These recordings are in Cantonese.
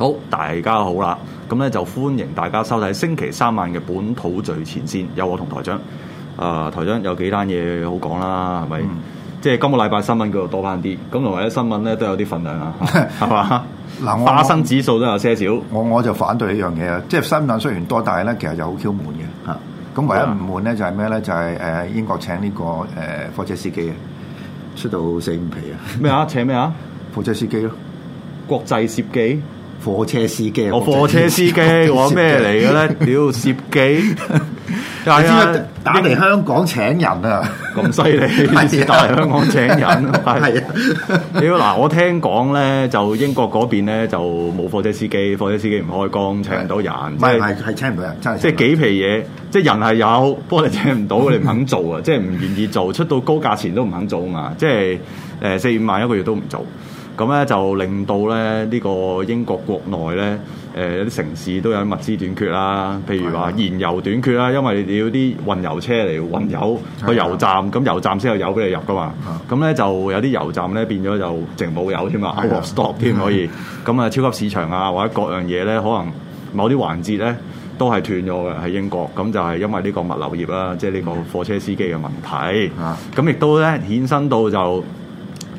好，大家好啦！咁咧就歡迎大家收睇星期三晚嘅本土最前線，有我同台長。啊、呃，台長有幾單嘢好講啦，係咪？嗯、即係今個禮拜新聞叫做多翻啲，咁同埋啲新聞咧都有啲份量 啊，係嘛、 啊？嗱我，花生指數都有些少。我我，我就反對一樣嘢啊，即係新聞雖然多，但係咧其實就好 Q 悶嘅。吓、啊，咁唯一唔悶咧就係咩咧？就係、是、誒英國請呢、這個誒貨車司機啊，出到四五皮啊！咩啊？請咩啊？貨車司機咯， 麼 國際涉機。貨車司機，我貨車司機，我咩嚟嘅咧？屌，涉機，你知唔知打嚟香港請人啊？咁犀利，打嚟香港請人，係啊！屌嗱，我聽講咧，就英國嗰邊咧就冇貨車司機，貨車司機唔開工，請唔到人，唔係係請唔到人，真係，即係幾皮嘢，即係人係有，不過你請唔到，你唔肯做啊，即係唔願意做，出到高價錢都唔肯做啊，即係誒四五萬一個月都唔做。咁咧就令到咧呢個英國國內咧，誒有啲城市都有物資短缺啦。譬如話燃油短缺啦，因為你要啲運油車嚟運油去油站，咁 油站先有油俾你入㗎嘛。咁咧就有啲油站咧變咗就淨冇油添 啊 out of stock 添可以。咁啊，超級市場啊或者各樣嘢咧，可能某啲環節咧都係斷咗嘅喺英國。咁就係因為呢個物流業啦，即係呢個貨車司機嘅問題。咁亦 都咧衍生到就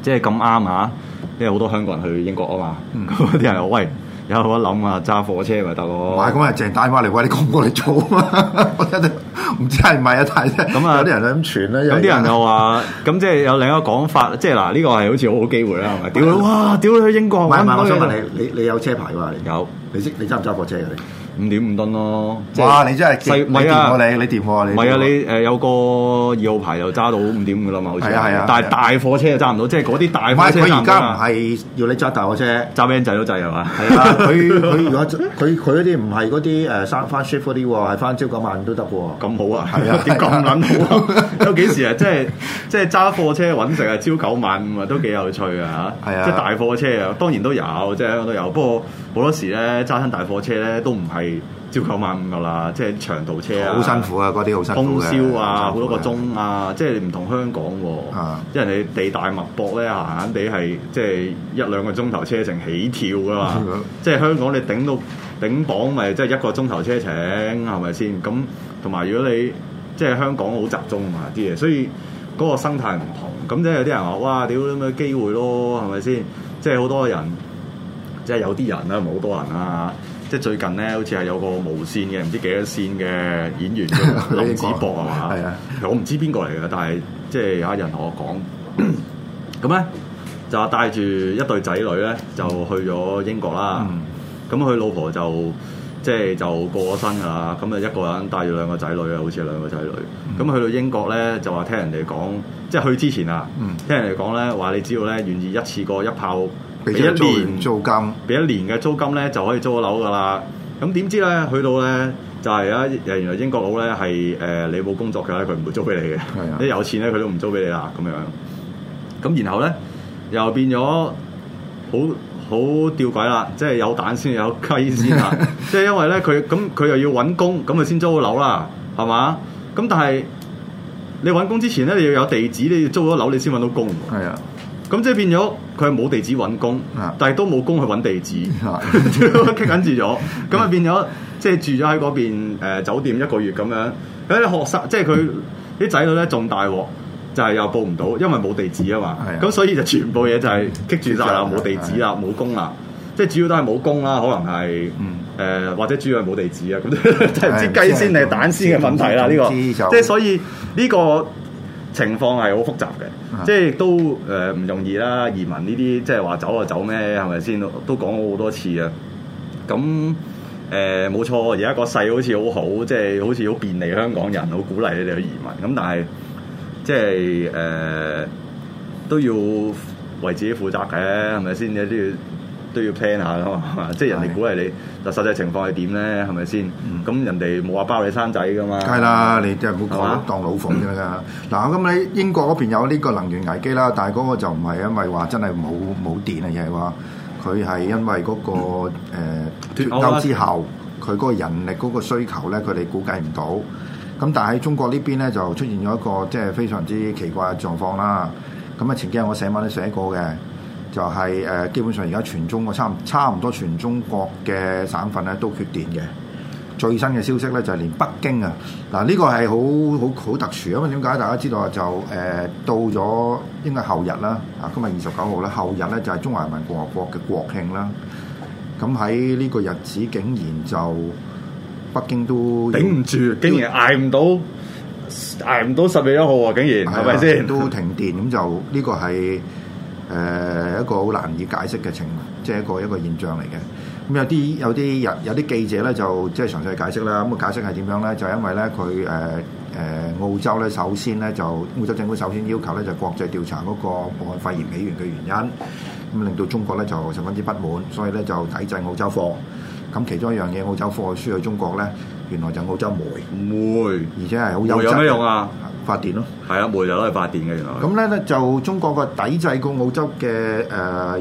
即係咁啱啊！因為好多香港人去英國啊嘛，啲、嗯、 人我喂有我諗啊，揸火車咪得咯。喂，咁係鄭大媽嚟，喂，你咁我嚟做啊嘛， 我真係唔知係唔係啊，太即咁啊，有啲人咁傳啦，有啲人又話，咁 即係有另一個講法，即係嗱，呢、這個係好似好好機會啦，係咪、 就是？屌你，哇！屌你去英國是，唔係我想問你，你你，你有車牌嘅嘛？有，你識你揸唔揸火車嘅你？五點五噸咯！哇，你真係細唔係啊！你你掂貨啊！唔係啊！你誒有個二號牌就揸到五點五啦嘛，好似係啊但係大貨車揸唔到，即係嗰啲大貨車。佢而家唔係要你揸大貨車，揸 van 仔都制係嘛？係啊！佢佢如果佢佢嗰啲唔係嗰啲誒翻 shift 嗰啲喎，係翻朝九晚五都得喎。咁好啊！係啊！點咁撚好啊？都幾時啊？即係即係揸貨車揾食係朝九晚五啊，都幾有趣啊！嚇係啊！即係大貨車啊，當然都有，即係都有，不過。好多時咧揸親大貨車咧都唔係朝九晚五噶啦，即係長途車啊，好辛苦啊！嗰啲好辛苦嘅，通宵啊，好多個鐘啊，即係唔同香港喎、啊，因是的 為你地大物博咧，閒閒地係即係一兩個鐘頭車程起跳噶嘛，是的 即係香港你頂到頂榜咪即係一個鐘頭車程係咪先？咁同埋如果你即係香港好集中啊啲嘢，所以嗰個生態唔同，咁即係有啲人話哇屌咁嘅機會咯係咪先？即係好多人。即係有啲人啦，唔係好多人啦。即係最近咧，好似係有個無線嘅，唔知幾多線嘅演員 林子博係嘛？係啊，我唔知邊個嚟嘅，但係即係有人同我講，咁咧 就話帶住一對仔女咧，就去咗英國啦。咁佢、嗯、老婆就即係、就係、就過咗身㗎啦。咁啊一個人帶住兩個仔女啊，好似兩個仔女。咁、嗯、去到英國咧，就話聽人哋講，即係去之前啊，嗯、聽人哋講咧話，你只要咧願意一次過一炮，俾一年租金，俾一年嘅租金咧，就可以租到樓噶啦。咁點知咧，去到咧就係、是、啊，原來英國佬咧係誒，你冇工作嘅，佢唔會租俾你嘅。係啊的，你有錢咧，佢都唔租俾你啦。咁樣，咁然後咧又變咗好好吊詭啦，即係有蛋先有雞先啊！ 即係因為咧，佢咁佢又要揾工，咁佢先租到樓啦，係嘛？咁但係你揾工之前咧，你要有地址，你要租咗樓，你先揾到工。係啊的。咁即係變咗，佢係冇地址揾工，但係都冇工去揾地址，棘緊住咗。咁啊變咗，即係住咗喺嗰邊誒酒店一個月咁樣。佢啲學生即係佢啲仔女咧仲大鑊，就係又報唔到，因為冇地址啊嘛。咁所以就全部嘢就係棘住晒啦，冇地址啦，冇工啦。即係主要都係冇工啦，可能係誒或者主要係冇地址啊。咁即係唔知雞先定蛋先嘅問題啦。呢個即係所以呢個。情況係好複雜嘅，即係都誒唔、呃、容易啦。移民呢啲即係話走就走咩？係咪先，都講咗好多次啊。咁誒冇錯，而家個勢好似好好，即、就、係、是、好似好便利香港人，好鼓勵你哋去移民。咁但係即係誒、呃、都要為自己負責嘅，係咪先嘅啲？都要 plan 下囉，即係人哋估係你，但實際情況係點咧？係咪先？咁人哋冇話包你生仔噶嘛？係啦，你即係冇講，當老馮啫啦。嗱，咁你英國嗰邊有呢個能源危機啦，但係嗰個就唔係因為話真係冇冇電啊，而係話佢係因為嗰個誒脱歐之後，佢嗰個人力嗰個需求咧，佢哋估計唔到。咁但係喺中國呢邊咧就出現咗一個即係非常之奇怪嘅狀況啦。咁啊，前幾日我寫文都寫過嘅。就係誒，基本上而家全中國差差唔多全中國嘅省份咧都缺電嘅。最新嘅消息咧就係連北京啊，嗱呢個係好好好特殊啊！因為點解大家知道啊？就誒到咗應該後日啦，啊今日二十九號啦，後日咧就係中華人民共和國嘅國慶啦。咁喺呢個日子竟然就北京都頂唔住，竟然捱唔到捱唔到十月一號啊！竟然係咪先都停電？咁 就呢、這個係。誒、呃、一個好難以解釋嘅情況，即係一個一個現象嚟嘅。咁、嗯、有啲有啲人有啲記者咧，就即係詳細解釋啦。咁、嗯、嘅解釋係點樣咧？就因為咧佢誒誒澳洲咧，首先咧就澳洲政府首先要求咧就國際調查嗰個新冠肺炎起源嘅原因，咁、嗯、令到中國咧就十分之不滿，所以咧就抵制澳洲貨。咁其中一樣嘢澳洲貨輸去中國咧，原來就澳洲煤，煤會而且係好有有用啊？發電咯，係啊，煤就攞嚟發電嘅原來。咁咧咧就中國個抵制個澳洲嘅誒誒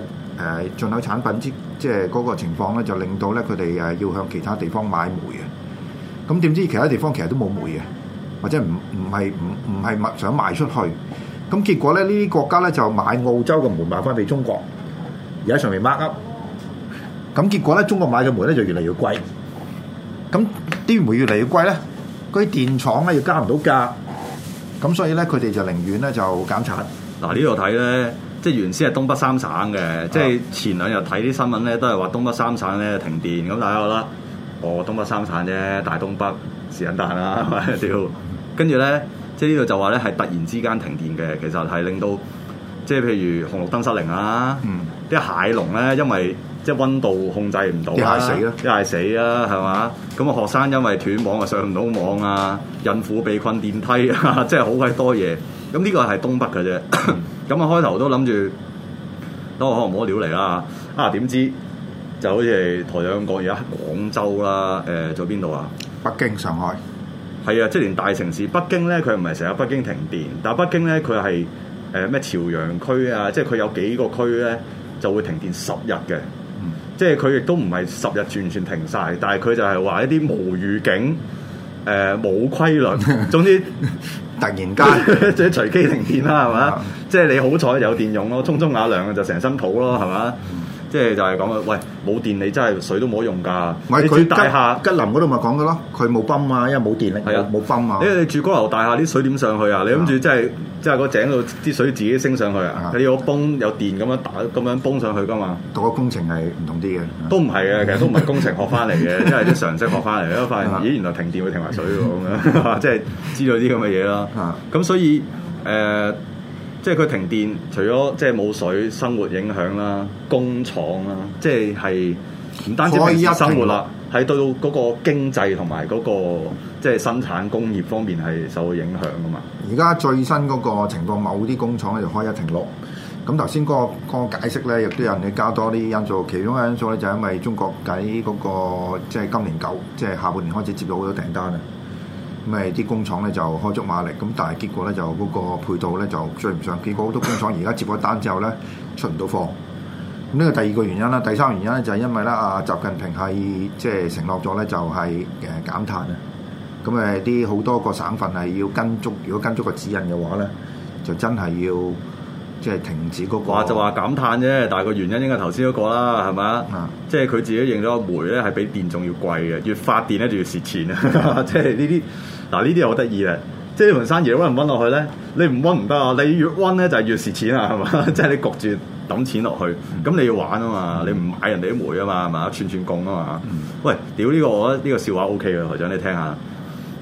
進口產品之即係嗰個情況咧，就令到咧佢哋誒要向其他地方買煤啊。咁點知其他地方其實都冇煤啊，或者唔唔係唔唔係想賣出去。咁結果咧呢啲國家咧就買澳洲嘅煤賣翻俾中國，而喺上面 mark up。咁結果咧中國買嘅煤咧就越嚟越貴。咁啲煤越嚟越貴咧，嗰啲電廠咧要加唔到價。咁所以咧，佢哋就寧願咧就減產。嗱呢度睇咧，即係原先係東北三省嘅，啊、即係前兩日睇啲新聞咧都係話東北三省咧停電。咁大家覺得，哦東北三省啫，大東北是咁大啦，屌、啊，跟住咧，即係呢度就話咧係突然之間停電嘅，其實係令到即係譬如紅綠燈失靈啊，啲、嗯、蟹籠咧因為。即係溫度控制唔到，一係死啦，一係死啦，係嘛？咁啊，學生因為斷網啊，上唔到網啊，孕婦被困電梯啊，即係好鬼多嘢。咁呢個係東北嘅啫。咁 啊，開頭都諗住我可能摸料嚟啦。啊，點知就好似台長講嘢，而家廣州啦，誒、呃，仲有邊度啊？北京、上海係啊，即係連大城市北京咧，佢唔係成日北京停電，但係北京咧，佢係誒咩朝陽區啊，即係佢有幾個區咧就會停電十日嘅。即係佢亦都唔係十日全全停晒，但係佢就係話一啲無預警，誒冇規律，總之 突然間間 即係隨機停電啦，係嘛？即係你好彩有電用咯，沖沖吓涼就成身泡咯，係嘛？即係就係講嘅！喂，冇電是你真係水都冇用噶。唔係佢大廈吉林嗰度咪講噶咯？佢冇泵啊，因為冇電力，冇、啊、泵啊。因為你住高樓大廈，啲水點上去啊？你諗住即係即係個井度啲水自己升上去啊？是啊你要泵有電，咁樣打咁樣泵上去噶嘛？個工程係唔同啲嘅，啊、都唔係嘅，其實都唔係工程學翻嚟嘅，即係啲常識學翻嚟咯。發現咦，原來停電會停埋水嘅，咁 樣即係知道啲咁嘅嘢啦。咁所以誒。呃即係佢停電，除咗即係冇水生活影響啦，工廠啦，即係係唔單止可以，而家生活啦，係對嗰個經濟同埋嗰個即係生產工業方面係受影響㗎嘛。而家最新嗰個情況，某啲工廠咧就開一停六。咁頭先嗰個解釋咧，亦都有人你加多啲因素，其中嘅因素咧就因為中國喺嗰、嗰個即係、就係、今年九，即、就、係、係、下半年開始接到好多訂單。咁誒啲工廠咧就開足馬力，咁但係結果咧就嗰個配套咧就追唔上，結果好多工廠而家接咗單之後咧出唔到貨。咁呢個第二個原因啦，第三個原因咧就係因為咧啊習近平係即係承諾咗咧就係誒減碳啊。咁誒啲好多個省份係要跟足，如果跟足個指引嘅話咧，就真係要即係停止嗰個話就話減碳啫。但係個原因應該頭先嗰個啦，係咪？啊，即係佢自己認咗煤咧係比電仲要貴嘅，越發電咧的 就要蝕錢啊！即係呢啲。嗱呢啲好得意咧，即係呢盤生意揾唔揾落去咧？你唔揾唔得啊！你越揾咧就係越蝕錢啊，係嘛？ 即係你焗住抌錢落去，咁、嗯、你要玩啊嘛？嗯、你唔買人哋啲煤啊嘛？係嘛？串串供啊嘛？嗯、喂，屌呢、呢個我覺得呢個笑話 OK 嘅，台長你聽下。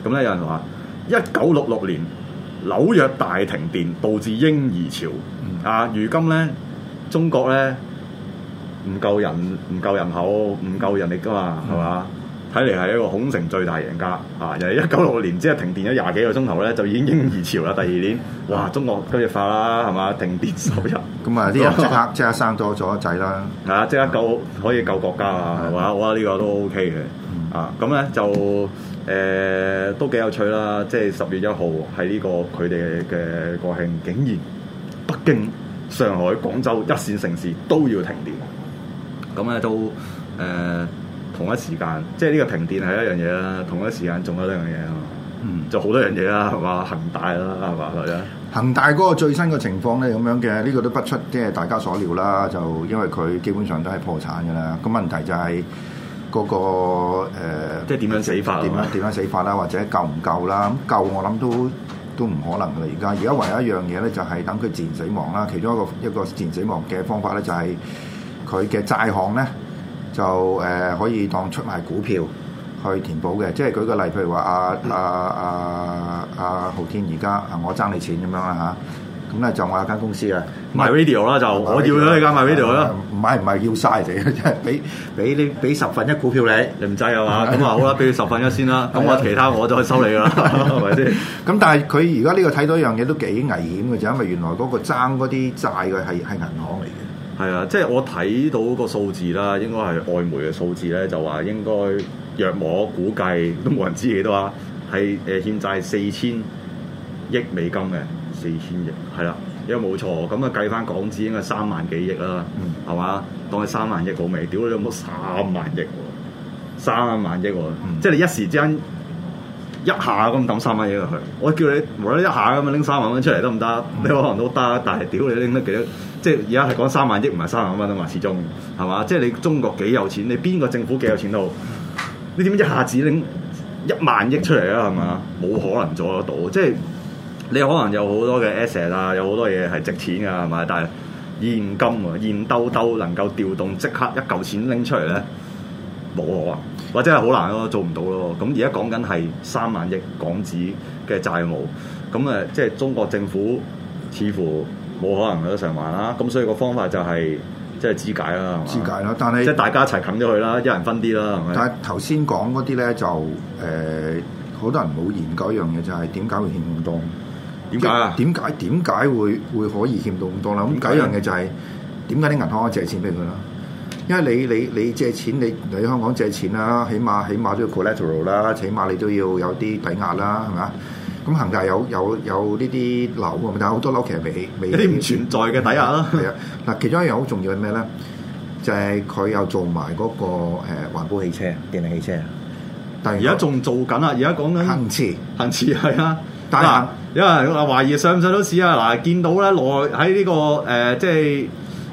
咁咧有人話一九六六年紐約大停電導致嬰兒潮啊，如今咧中國咧唔夠人唔夠人口唔夠人力噶嘛，係嘛？嗯睇嚟係一個恐城最大贏家嚇，又係一九六年即係停電咗廿幾個鐘頭咧，就已經嬰兒潮啦。第二年哇，中國工業化啦係嘛，停電十日，咁啊呢？人 即刻即刻生咗咗一仔啦。啊，即刻救、啊、可以救國家啊，係嘛？我覺得呢個都 O K 嘅啊。咁咧就誒、呃、都幾有趣啦。即係十月一號喺呢個佢哋嘅國慶，竟然北京上、上海、廣州一線城市都要停電，要停電到。咁咧都誒。同一時間，即係呢個停電係一樣嘢啦。嗯、同一時間，仲有一樣嘢啊，嗯，就好多樣嘢啦，係嘛？恒大啦，係嘛？嚟啦！恒大嗰個最新嘅情況咧，咁樣嘅，呢、呢個都不出即係大家所料啦。就因為佢基本上都係破產嘅啦。咁問題就係嗰、嗰個、呃、即係點樣死法？點、呃、樣點吧樣死法啦？或者救唔救啦？咁救我諗都都唔可能啦。而家而家唯一一樣嘢咧，就係等佢自然死亡啦。其中一個一個自然死亡嘅方法咧，就係佢嘅債項咧。就誒可以當出賣股票去填補嘅，即係舉個例，譬如話啊啊啊啊浩天而家啊，啊啊啊我爭你錢咁樣啦嚇，咁、啊、咧就我有間公司啊賣 video 啦，就我要咗你間賣 video 啦，唔係唔係要曬你，俾俾你俾十分一股票你，你唔制係嘛？咁啊 好啦，俾你十分一先啦，咁我其他我再收你啦，係咪先？咁但係佢而家呢個睇到一樣嘢都幾危險嘅，就因為原來嗰個爭嗰啲債嘅係係銀行嚟嘅。係啊，即係我睇到個數字啦，應該係外媒嘅數字咧，就話應該若我估計都冇人知幾多啦，係誒、呃、欠債四千億美金嘅，四千億係啦，因為冇錯，咁啊計翻港紙應該三萬幾億啦，係嘛、嗯？當係三萬億好未，屌你老母三萬億，三萬億喎，億嗯、即係你一時之間。一下咁抌三萬億落去，我叫你無啦一下咁樣拎三萬蚊出嚟得唔得？你可能都得，但係屌你拎得幾多？即係而家係講三萬億唔係三萬蚊啊嘛，始終係嘛？即係你中國幾有錢？你邊個政府幾有錢都好，你點一下子拎一萬億出嚟啊？係嘛？冇可能做得到。即係你可能有好多嘅 asset 啊，有好多嘢係值錢㗎係嘛？但係現金啊，現兜兜能夠調動即刻一嚿錢拎出嚟咧？冇啊，或者係好難咯，做唔到咯。咁而家講緊係三萬億港紙嘅債務，咁誒即係中國政府似乎冇可能有得償還啦。咁所以個方法就係、是、即係肢解啦，肢解啦，但係即係大家一齊啃咗佢啦，是一人分啲啦，係咪？但係頭先講嗰啲咧就誒，好、呃、多人冇研究一樣嘢，就係點解會欠咁多？點解啊？點解點解會會可以欠到咁多啦？咁第一樣嘢就係點解啲銀行可借錢俾佢啦？因為你你你借錢你喺香港借錢啦，起碼起碼都要 collateral 啦，起碼你都要有啲抵押啦，係嘛？咁恒大有有有呢啲樓啊，但係好多樓其實未未，唔存在嘅抵押啦。係啊，嗱，其中一樣好重要係咩咧？就係、是、佢又做埋嗰個誒環保汽車、電力汽車。但而家仲做緊啊！而家講緊。恒馳，恒馳，係啊。大有人話懷疑上唔上到市啊。嗱，見到咧，來喺呢個，誒，即係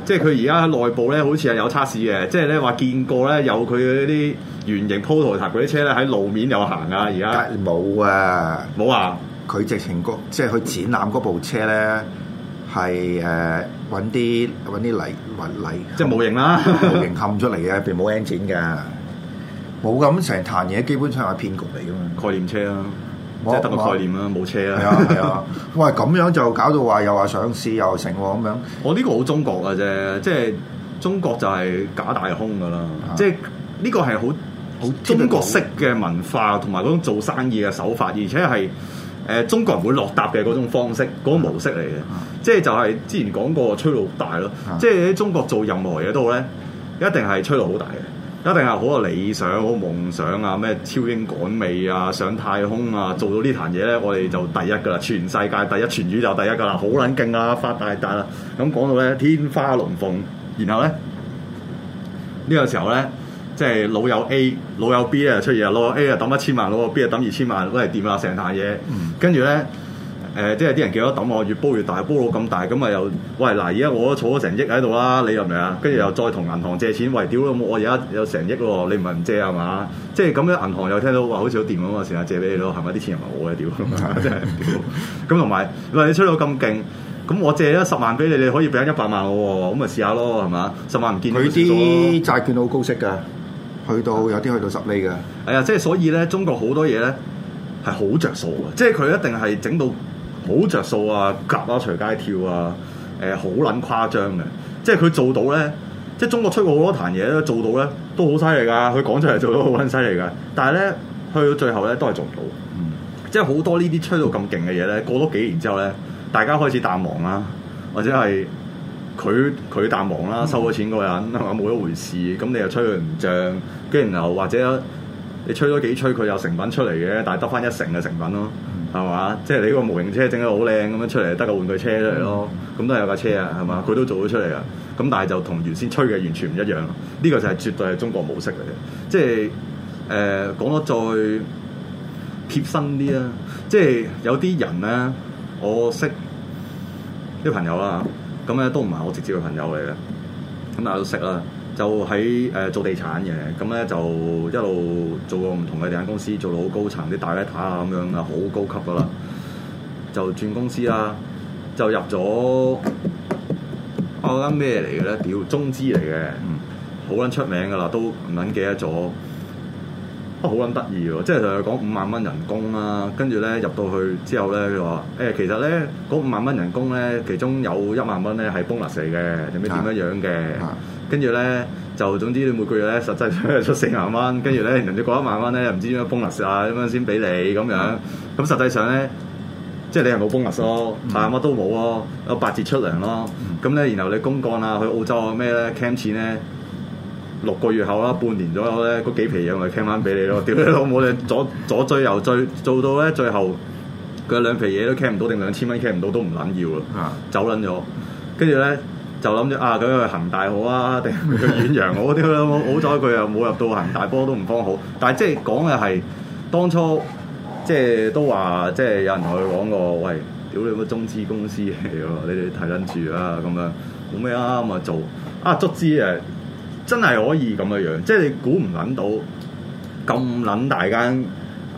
即係佢而家喺內部咧，好似係有測試嘅。即係咧話見過咧，有佢嗰啲圓形鋪頭塔嗰啲車咧喺路面又行有啊！而家冇啊，冇、呃、啊！佢直情嗰即係去展覽嗰部車咧，係誒揾啲揾啲泥泥泥，即係模型啦，模型冚出嚟嘅，並冇 engine 㗎，冇咁成壇嘢，基本上係騙局嚟㗎嘛，概念車咯。即係得個概念啦，冇哇車啦。係啊係啊，喂咁、啊、 樣就搞到話又話上市又成咁、啊、樣。我呢個好中國嘅啫，即係中國就係假大空噶啦。嗯、即係呢個係好好中國式嘅文化同埋嗰種做生意嘅手法，而且係誒、呃、中國人會落踏嘅嗰種方式、嗰個模式嚟嘅。嗯嗯、即係就係之前講過，吹到大咯。即係喺中國做任何嘢都好咧，一定係吹到好大嘅。一定係好有理想、好夢想啊！咩超英趕美啊、上太空啊、做到呢壇嘢咧，我哋就第一噶啦，全世界第一、全宇宙第一噶啦，好撚勁啊，發大達啦！咁講到咧，天花龍鳳，然後咧呢、呢個時候咧，即係老友 A 老友、老友 B 啊出現咯，A 啊抌一千萬，老友 B 啊抌二千萬，攞嚟掂下成壇嘢，嗯嗯、跟住咧。誒、呃，即係啲人叫咗抌我，越煲越大，煲到咁大，咁咪又，喂嗱，而家我都儲咗成億喺度啦，你係咪啊？跟住又再同銀行借錢，喂，屌啦，我而家有成億喎，你唔係唔借係嘛？即係咁樣，銀行又聽到話好似好掂咁啊，成日借俾你咯，係咪？啲錢又係我嘅屌，咁同埋，喂，你，你出到咁勁，咁我借咗十萬俾你，你可以俾一百萬我，咁咪試下咯，係嘛？十萬唔見佢啲債券好高息㗎，去到有啲去到十釐㗎。哎呀、嗯，即係所以咧，中國好多嘢咧係好着數嘅，即係佢一定係整到。好着數啊，夾啊，隨街跳啊，誒、呃，好撚誇張嘅，即係佢做到咧，即係中國吹過好多壇嘢咧，做到咧都好犀利噶，佢講出嚟做到好撚犀利噶，但係咧去到最後咧都係做唔到，嗯、即係好多呢啲吹到咁勁嘅嘢咧，過多幾年之後咧，大家開始淡忘啦，或者係佢佢淡忘啦，收咗錢嗰個人係嘛，冇一回事，咁你又吹佢唔脹，跟住然後或者你吹咗幾吹佢有成品出嚟嘅，但係得返一成嘅成品咯。係嘛？即係你嗰個模型車整得好靚咁樣出嚟，得個玩具車出嚟咯。咁、嗯、都係有架車啊，係嘛？佢都做咗出嚟啊。咁但係就同原先吹嘅完全唔一樣。呢、這個就係絕對係中國模式嚟嘅。即係誒講得再貼身啲啊！即係有啲人咧，我識啲朋友啦。咁咧都唔係我直接嘅朋友嚟嘅。咁大家都識啦。就喺誒、呃、做地產嘅，咁咧就一路做過唔同嘅地產公司，做到好高層，啲大一塔啊咁樣啊，好高級㗎喇，就轉公司啦，就入咗我啱咩嚟嘅咧？屌、啊、中資嚟嘅，好、嗯、撚出名㗎喇，都唔撚記得咗。好撚得意喎，即係同佢講五萬蚊人工啦、啊，跟住咧入到去之後咧，佢話誒其實咧嗰五萬蚊人工咧，其中有一萬蚊咧係 bonus 嚟嘅，定咩點樣樣嘅？跟住咧就總之你每個月咧實際出四萬蚊，跟住咧人哋嗰一萬蚊咧又唔知點樣 bonus 啊，咁樣先俾你咁樣。咁實際上咧，即係你係冇 bonus 咯，啊乜、嗯、都冇咯，有八折出糧咯。咁咧、嗯、然後你公幹啊，去澳洲啊咩咧 camp 錢咧。六個月後啦，半年左右咧，嗰幾皮嘢咪傾翻俾你咯。屌你老母，你左左追右追，做到咧最後佢兩皮嘢都傾唔到，定兩千蚊傾唔到都唔撚要咯。啊，走撚咗。跟住咧就諗住啊，咁樣去恒大好啊，定去遠洋好啲啦。 好彩佢又冇入到恒大波都唔方好。但係即係講嘅係當初即係都話，即係有人同佢講過，喂，屌你乜中資公司嚟㗎？ 你哋睇撚住啊，咁樣冇咩啱啊做啊足之誒。真係可以咁嘅樣，即係你估唔撚到咁撚大間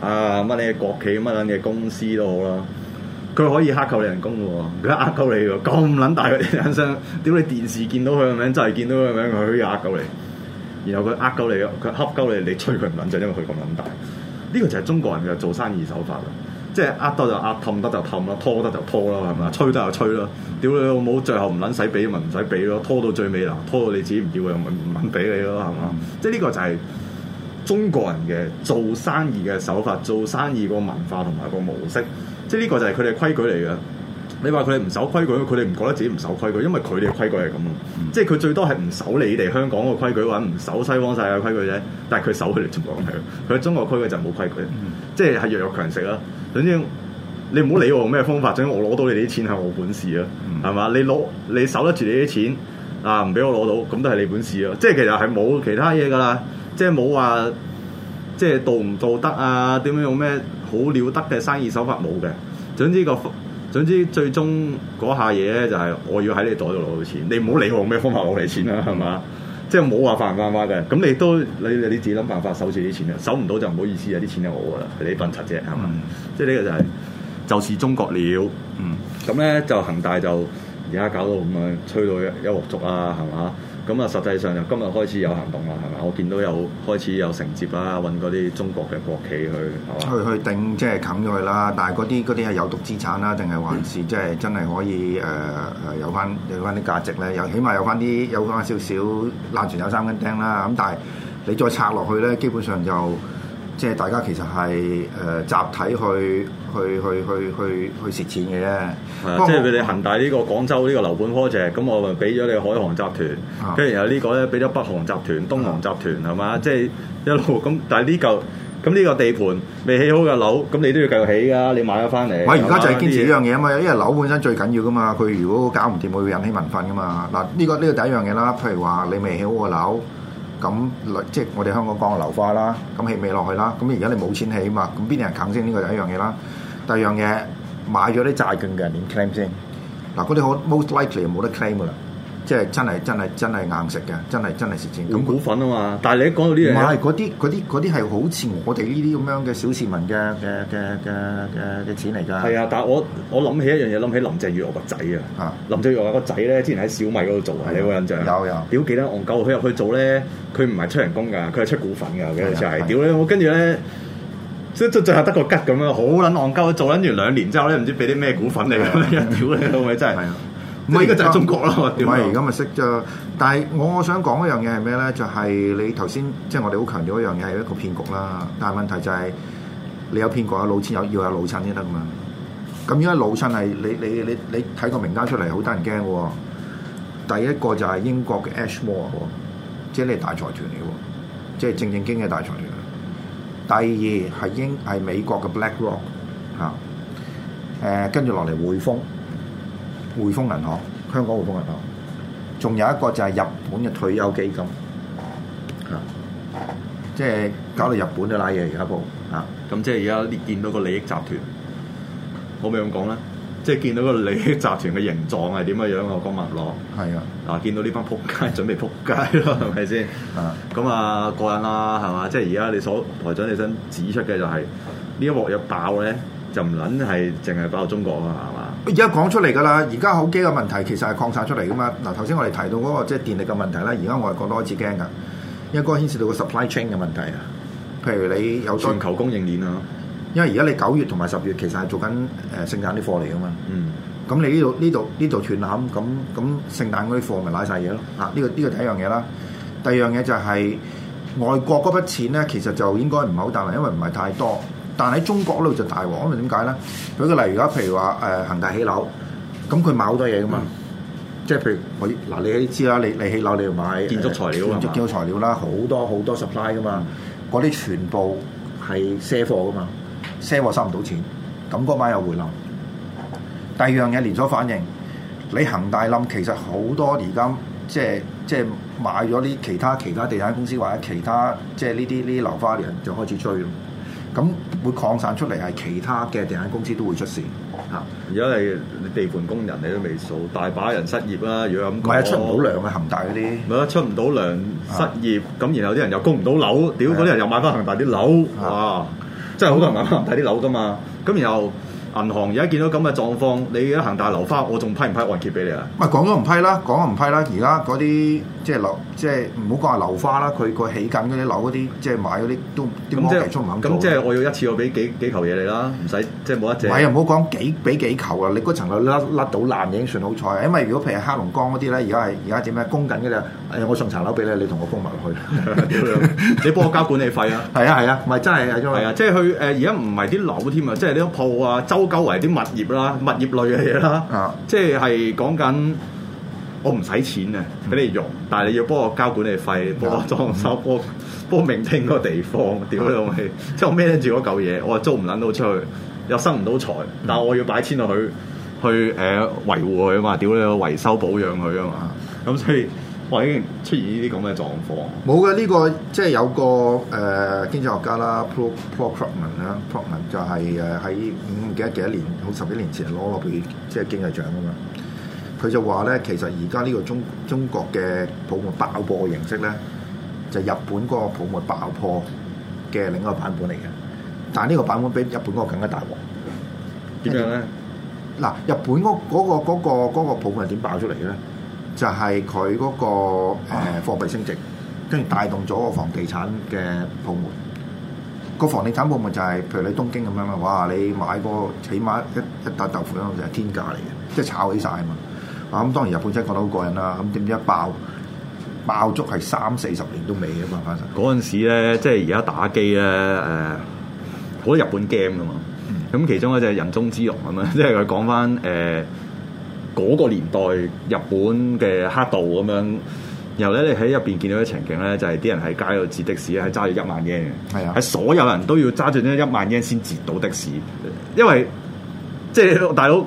啊乜嘢國企乜撚嘅公司都好啦，佢可以克扣你人工喎，佢呃夠你喎，咁撚大嘅人生，點你電視見到佢嘅名，真係見到佢嘅名，佢可以呃夠你，然後佢呃夠你佢恰夠你，你吹佢唔撚就因為佢咁撚大，呢、這個就係中國人嘅做生意手法啦。即係呃得就呃，氹得就氹咯，拖得就拖咯，係嘛？催得就催咯，屌你老母！最後唔撚使俾咪唔使俾咯，拖到最尾喇，拖到你自己唔要又咪唔撚俾你咯，係嘛？嗯、即係呢個就係中國人嘅做生意嘅手法，做生意個文化同埋個模式，即係呢個就係佢哋規矩嚟嘅。你話佢哋唔守規矩，佢哋唔覺得自己唔守規矩，因為佢哋嘅規矩係咁。即係佢最多係唔守你哋香港嘅規矩，或者唔守西方世界規矩啫。但係佢守佢哋中國係咯，佢中國規矩就冇規矩，嗯、即係弱肉強食啦。總之你唔好理我咩方法，總之我攞到你啲錢係我本事啊，係嘛、嗯？你攞你守得住你啲錢啊？唔俾我攞到，咁都係你本事咯。即係其實係冇其他嘢噶啦，即係冇話即係道唔道德啊？點樣用咩好了得嘅生意手法冇嘅？總之、這個。總之，最終嗰下嘢咧就係我要喺你袋度攞到錢，你唔好理我咩方法攞嚟錢啦，係嘛、嗯？即係冇話犯唔犯法嘅，咁你都你你自己諗辦法守住啲錢啦，守唔到就唔好意思啊！啲錢係我噶啦，你笨柒啫，係嘛？嗯、即係呢個就係、是、就是中國了。嗯，咁咧、嗯、就恒大就而家搞到咁樣，吹到一鑊粥啊，係嘛？咁啊，實際上就今日開始有行動啦，係嘛？我見到有開始有承接啦、啊，揾嗰啲中國嘅國企去去去頂，即係冚咗佢啦。但係嗰啲嗰啲係有毒資產啦，定係還是,還是、嗯、即係真係可以誒誒、呃呃、有返有返啲價值咧？有起碼有返啲有返少少爛船有三斤釘啦。咁但係你再拆落去咧，基本上就～即係大家其實係誒集體去去去去去去蝕錢嘅啫，即係佢哋恒大呢個廣州呢個樓盤 project，咁我咪俾咗你海航集團，跟住然後呢個咧俾咗北航集團、東航集團係嘛？即係一路咁，但係呢嚿咁呢個地盤未起好嘅樓，咁你都要繼續起㗎，你買咗翻嚟。我而家就係堅持呢樣嘢啊嘛，因為樓本身最緊要㗎嘛，佢如果搞唔掂，會引起民憤㗎嘛。嗱，呢個呢個第一樣嘢啦，譬如話你未起好個樓。咁即係我哋香港講樓花啦，咁起未落去啦，咁而家你冇錢起啊嘛，咁邊啲人啃先？呢個就係一樣嘢啦。第二樣嘢買咗啲債券嘅人點 claim 先？嗱、啊，嗰啲好 most likely 冇得 claim 噶啦。即係真係真係真係硬食嘅，真係真係蝕錢。咁股份啊嘛，但係你一講到呢樣，唔係嗰啲啲啲係好似我哋呢啲咁樣嘅小市民嘅嘅嘅嘅嘅嘅錢嚟㗎。係啊，但係我我諗起一樣嘢，諗起林鄭月娥個仔啊。嚇！林鄭月娥個仔咧，之前喺小米嗰度做啊，的，你有冇印象？有有。屌幾多戇鳩？佢入去做咧，佢唔係出人工㗎，佢係出股份㗎。幾時啊？係。屌咧的！我跟住咧，即即最後得個吉咁樣，好撚戇鳩，做撚完兩年之後咧，唔知俾啲咩股份你咁樣。屌你老味，真係。唔係，而家就係中國咯。唔係而家咪識啫。但係我我想講一樣嘢係咩咧？就係、是、你頭先即係我哋好強調一樣嘢係一個騙局啦。但係問題就係你有騙局有，有老千，有要有老襯先得噶嘛。咁如果老襯係你你你你睇個名單出嚟，好得人驚嘅。第一個就係英國嘅 Ashmore，即係你係大財團嚟喎，即、就、係、是、正正經嘅大財團。第二係英係美國嘅 BlackRock 嚇、啊，誒跟住落嚟匯豐。匯豐銀行，香港匯豐銀行，仲有一個就係日本嘅退休基金，嚇，啊、即係搞到日本都拉嘢，而家報，嚇，咁即係而家見到個利益集團，可唔可以咁講咧？即係見到個利益集團嘅形狀係點嘅樣，我講脈絡，係是啊，嗱、啊，見到呢班仆街準備仆街咯，係咪先？啊，咁啊過癮啦，係嘛？即係而家你所台長你想指出嘅就係、是、呢一鑊要爆咧，就唔撚係淨係爆中國啊，而家講出嚟噶啦，而家好幾嘅問題其實係擴散出嚟噶嘛。嗱，頭先我哋提到嗰個即係電力嘅問題啦，而家我係講多一次驚噶，因為牽涉到個 supply chain 嘅問題啊。譬如你有全球供應鏈啊，因為而家你九月同埋十月其實係做緊誒、嗯、聖誕啲貨嚟噶嘛。嗯，咁你呢度呢度呢度斷纜，咁咁聖誕嗰啲貨咪賴晒嘢咯。啊，呢、這個呢個第一樣嘢啦，第二樣嘢就係、是、外國嗰筆錢咧，其實就應該唔係好大，因為唔係太多。但喺中國度就大鑊，因為點解咧？舉個例如，而家譬如話誒，恒大起樓，咁佢買好多嘢噶嘛，即係、嗯、譬如我嗱，你知啦，你你起樓你要買建築，建築材料，建築建築材料啦，好多好多 supply 噶嘛，嗰啲全部係 share 貨噶嘛，share 貨收唔到錢，咁嗰晚又回冧。第二樣嘢連鎖反應，你恒大冧，其實好多而家即係即係買咗啲其他其他，其他地產公司或者其他即係呢啲呢啲樓花嘅人就開始追咯。咁會擴散出嚟，係其他嘅地產公司都會出事吓。如果家係地盤工人，你都未數，大把人失業啦。如果咁，咪出唔到糧嘅恒大嗰啲，咪出唔到糧失業。咁、啊、然後啲人又供唔到樓，屌嗰啲人又買翻恒大啲樓，哇的！啊、真係好多人買翻恒大啲樓㗎嘛。咁然後。銀行而家見到咁嘅狀況，你而家恒大樓花，我仲批唔批按揭俾你啊？唔係講咗唔批啦，講咗唔批啦。而家嗰啲即係樓，即係唔好講係樓花啦。佢佢起緊嗰啲樓嗰啲，即係買嗰啲都啲摩羯衝唔肯過。咁即係我要一次我俾幾幾球嘢你啦，唔使即係冇一隻。唔係啊，唔好講幾俾幾球啊！你嗰層樓甩甩到爛已經算好彩，因為如果譬如黑龍江嗰啲咧，而家係而家點咩？供緊嘅咧，我送層樓俾你，你同我供埋落去，你幫我交管理費啊！係啊係啊，唔咪真係啊，係啊，即係佢誒而家唔係啲樓添啊，即係呢個鋪啊。都勾圍啲物業啦，物業類嘅嘢啦，即係講緊我唔使錢啊，俾你用，但係你要幫我交管理費，幫我裝修，幫我幫明聽個地方，屌你老味，啊、即係我孭住嗰嚿嘢，我租唔捻到出去，又生唔到財，啊、但係我要擺錢落去，去誒維護佢啊嘛，屌你，維修保養佢啊嘛，咁所以。哇！已經出現呢啲咁嘅狀況，冇嘅呢個即係有個誒、呃、經濟學家啦，Paul Krugman 啦，Krugman、啊、就係誒喺唔記得幾多年好十幾年前攞落去即係經濟獎㗎嘛。佢就話咧，其實而家呢個中中國嘅泡沫爆破嘅形式咧，就係、日本嗰個泡沫爆破嘅另一個版本嚟嘅，但係呢個版本比日本嗰個更加大鑊。點樣咧？嗱，日本嗰、嗰、嗰個嗰、嗰個嗰、嗰個嗰個嗰個泡沫點爆出嚟嘅咧？就係佢嗰個誒、呃、貨幣升值，跟住帶動咗個房地產嘅泡沫。個房地產部門就係、是、譬如你東京咁樣嘅話，你買個起碼一一笪豆腐就係天價嚟嘅，即係炒起晒啊嘛。啊咁、嗯、當然日本真覺得好過癮啦，咁點知一爆爆足係三四十年都未啊嘛。反正嗰陣時咧，即係而家打機咧誒，好、呃、多日本 game 㗎嘛。咁其中一隻人中之龍咁樣，即係佢講翻誒。呃嗰個年代日本嘅黑道咁樣，然後咧你喺入邊見到啲情景咧，就係、是、啲人喺街度截的士，咧係揸住一萬日圓嘅，係啊，係所有人都要揸住呢一萬日圓先截到的士，因為即係、就是、大佬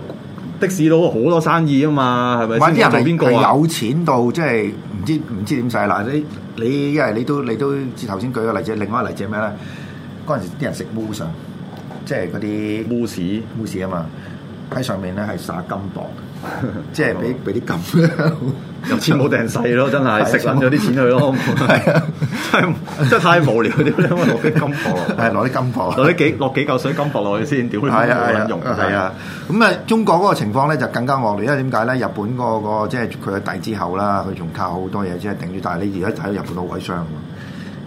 的士佬好多生意啊嘛，係咪先？啲人係邊個啊？有錢到即係唔知唔知點使嗱，你你因為你都你都，接頭先舉個例子，另外一個例子係咩咧？嗰陣時啲人食 mousse 即係嗰啲 mousse mousse 啊嘛，喺上面咧係撒金箔。 即係俾俾啲金，有錢冇掟使咯，真係食揾咗啲錢去咯。係 啊， 真真太無聊啲，攞啲金箔，係攞啲金箔，攞啲 幾攞幾嚿水金箔落去先，點會冇用？係啊，咁啊，啊，啊、 嗯，中國嗰個情況咧就更加惡劣，因為點解咧？日本、嗰個個即係佢喺底之後啦，佢仲靠好多嘢即係頂住。但係你而家睇到日本好鬼傷，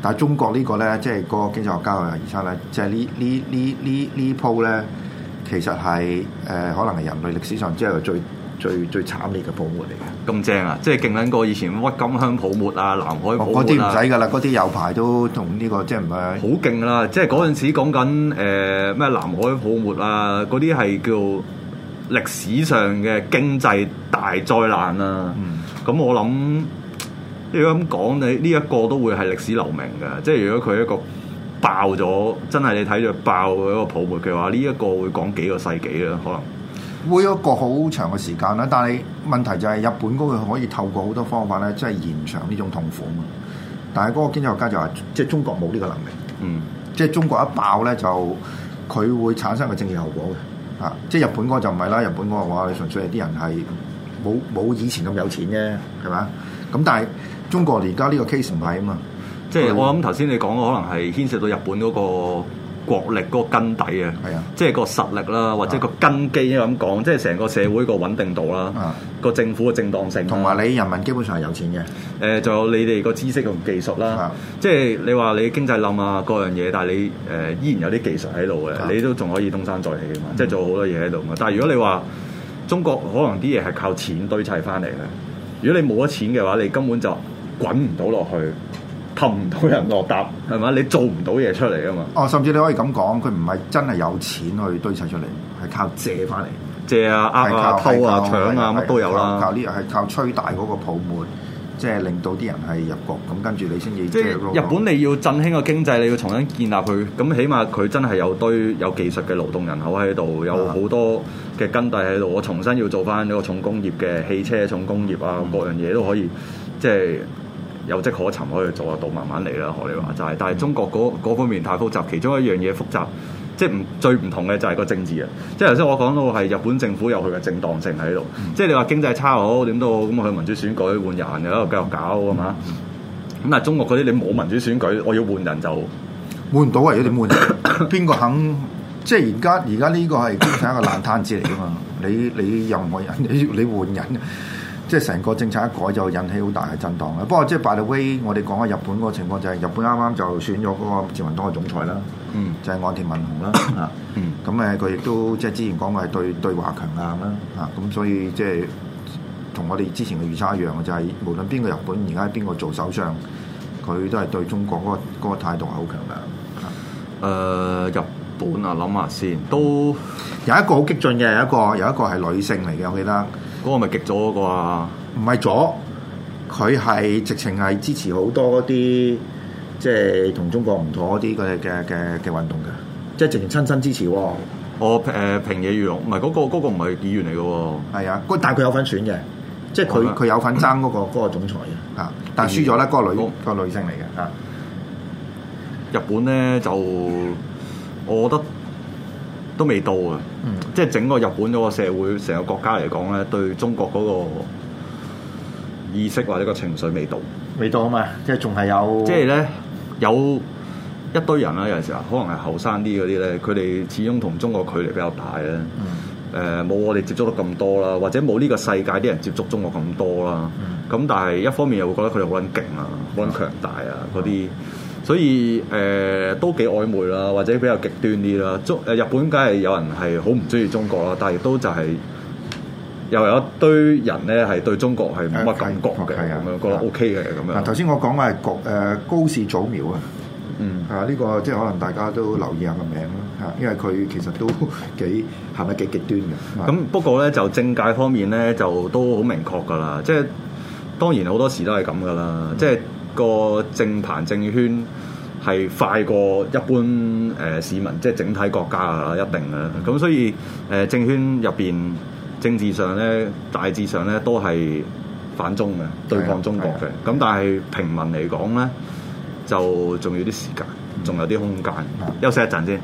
但係中國個呢個咧，即、就、係、是、個經濟學家又係二生啦，即係呢呢呢呢呢鋪咧，其實係誒，可能係人類歷史上即係最。最最慘烈嘅泡沫嚟嘅，咁正啊！即係勁撚過以前鬱金香泡沫啊、南海泡沫嗰啲唔使噶啦，嗰啲、哦、有排都同呢、這個即係唔係好勁啦。即係嗰陣時講緊咩南海泡沫啊，嗰啲係叫歷史上嘅經濟大災難啦、啊。咁、嗯、我諗，如果咁講，你呢一個都會係歷史留名嘅。即係如果佢一個爆咗，真係你睇住爆嘅一個泡沫嘅話，呢、這、一個會講幾個世紀啦，可能。會有一個好長嘅時間啦，但係問題就係日本嗰個可以透過好多方法咧，即係延長呢種痛苦啊。但係嗰個經濟學家就話，即係中國冇呢個能力。嗯，即係中國一爆咧，就佢會產生嘅政治後果嘅。啊，即係日本嗰個就唔係啦，日本嗰個話你純粹係啲人係冇冇以前咁有錢啫，係嘛？咁但係中國而家呢個 case 唔係啊嘛。即係我諗頭先你講嘅可能係牽涉到日本嗰個。國力嗰個根底啊，係啊的，即係個實力啦，或者個根基咁講，的即係成個社會個穩定度啦，個的政府嘅正當性，同埋你人民基本上係有錢嘅，誒、呃，仲有你哋個知識同技術啦，的即係你話你經濟冧啊各樣嘢，但係你誒、呃、依然有啲技術喺度嘅，的你都仲可以東山再起嘅嘛，即係做好多嘢喺度嘛。嗯、但係如果你話中國可能啲嘢係靠錢堆砌翻嚟嘅，如果你冇咗錢嘅話，你根本就滾唔到落去。氹唔到人落答，係咪？你做唔到嘢出嚟啊嘛！哦，甚至你可以咁講，佢唔係真係有錢去堆砌出嚟，係靠借翻嚟，借啊，呃啊，靠偷啊，搶啊，乜都有啦。靠呢？係靠，靠吹大嗰個泡沫，即係令到啲人係入局，咁跟住你先至。即係日本，你要振興個經濟，你要重新建立佢。咁起碼佢真係有堆有技術嘅勞動人口喺度，有好多嘅根底喺度。我重新要做翻呢個重工業嘅汽車重工業啊，各樣嘢都可以，嗯、即係。有跡可尋可以做得到，慢慢嚟啦。學你話齋、就係，但係中國嗰方面太複雜，其中一樣嘢複雜，即係唔最唔同嘅就係個政治啊！即係頭先我講到係日本政府有佢嘅正當性喺度，嗯、即係你話經濟差好點都好，咁去民主選舉換人又喺度繼續搞啊嘛。咁、嗯嗯、但係中國嗰啲你冇民主選舉，我要換人就換唔到啊！如果點換？邊個肯？即係而家而家呢個係真正一個爛攤子嚟噶嘛？你你任何人你要你換人？即係成個政策一改就引起好大嘅震盪啊！不過即係 by the way，我哋講下日本嗰個情況就係日本啱啱就選咗嗰個自民黨嘅總裁啦，嗯、就係岸田文雄啦。咁誒佢亦都即係之前講嘅係對對華強硬啦。咁、啊、所以即係同我哋之前嘅預測一樣，就係、是、無論邊個日本而家邊個做首相，佢都係對中國嗰、嗰個嗰態度係好強嘅。誒、啊呃、日本啊，諗下先，都有一個好激進嘅，一個有一個係女性嚟嘅，我記得。嗰個咪極左嗰個啊？唔係左，佢係直情係支持好多啲即係同中國唔妥啲嘅嘅嘅嘅運動嘅，即係直情親身支持。哦，誒、呃、平野裕唔係嗰個嗰、嗰個唔係議員嚟嘅喎。係啊，但係佢有份選嘅，即係佢佢有份爭嗰、嗰個嗰 總裁嘅嚇，但係輸咗啦，嗰、嗰個女嗰、嗯、個女性嚟嘅嚇。啊、日本咧就我覺得。都未到啊！即係整個日本嗰個社會、成個國家嚟講咧，對中國嗰個意識或者個情緒未到，未到啊嘛！即係仲係有，即係咧有一堆人啦，有陣時候可能係後生啲嗰啲咧，佢哋始終同中國距離比較大咧。誒、嗯，冇、呃、我哋接觸得咁多啦，或者冇呢個世界啲人接觸中國咁多啦。咁、嗯、但係一方面又會覺得佢哋好捻勁啊，好捻強大啊，嗰啲、嗯。所以誒、呃、都幾曖昧啦，或者比較極端啲啦。中誒日本梗係有人係好唔中意中國啦，但係亦都就係又有一堆人咧係對中國係冇乜感覺嘅咁樣，覺得 OK 嘅咁樣。嗱頭先我講嘅係高誒高市早苗、嗯、啊，嗯係啊，呢個即係可能大家都留意下個名啦嚇、啊，因為佢其實都幾係咪幾極端嘅？咁、啊、不過咧就政界方面咧就都好明確㗎啦，即係當然好多時都係咁㗎啦，即係、嗯。個政壇政圈係快過一般誒、呃、市民，即係整體國家啊，一定嘅。咁所以誒，政、呃、圈入邊政治上咧，大致上咧都係反中嘅，的對抗中國嘅。咁但係平民嚟講咧，就仲要啲時間，仲有啲空間，的休息一陣先。